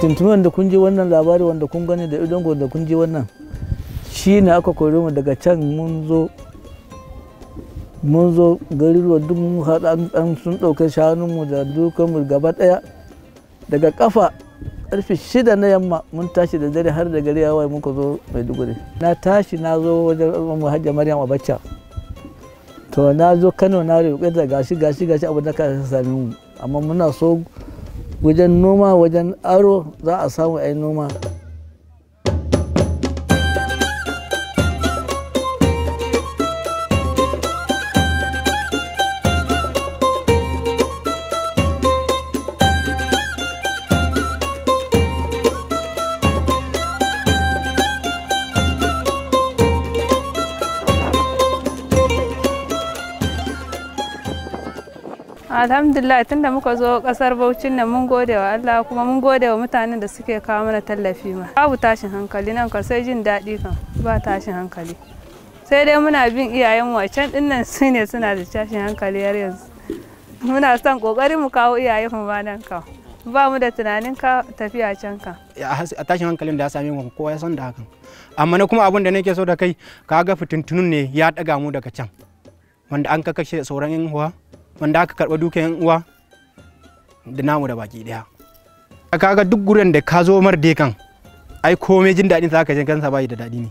tuntunan da kun je wannan labari wanda kun gani da idon da kun je wannan shi ne aka kore mu daga can mun zo mun zo garuruwa duk mun an sun ɗauka shanunmu da dukanmu gaba ɗaya daga kafa karfe shida na yamma mun tashi da dare har da gari ya waye muka zo maiduguri na tashi na zo wajen mu hajja maryam abacha to na zo kano na roƙe da gashi gashi gashi abu da ka sami mu amma muna so wajen noma wajen aro za a samu ai noma alhamdulillah tunda muka zo kasar baucin nan mun gode wa allah kuma mun gode wa mutanen da suke kawo mana tallafi ma babu tashin hankali nan kan sai jin daɗi kan ba tashin hankali sai dai muna bin iyayen can din nan su ne suna da tashin hankali har yanzu muna son kokarin mu kawo iyayen mu ba nan ka ba mu da tunanin ka tafiya can ka a tashin hankalin da ya same mu kowa ya san da hakan amma ne kuma abin da nake so da kai ka ga fitintunun ne ya daga mu daga can wanda an kakashe sauran yan huwa wanda aka karɓa yan uwa da namu da baki daya kaga duk gurin da ka zo mar kan ai kome jin daɗin sa ka kansa bai da daɗi ne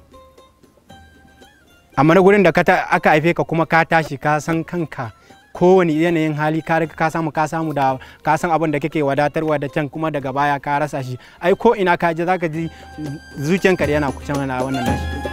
amma na gurin da aka haife ka kuma ka tashi ka san kanka kowane yanayin hali ka riga ka samu ka samu da ka san abin da kake wadatarwa da can kuma daga baya ka rasa shi ai ko ina ka je zaka ji zuciyanka da yana kucin mana wannan nashi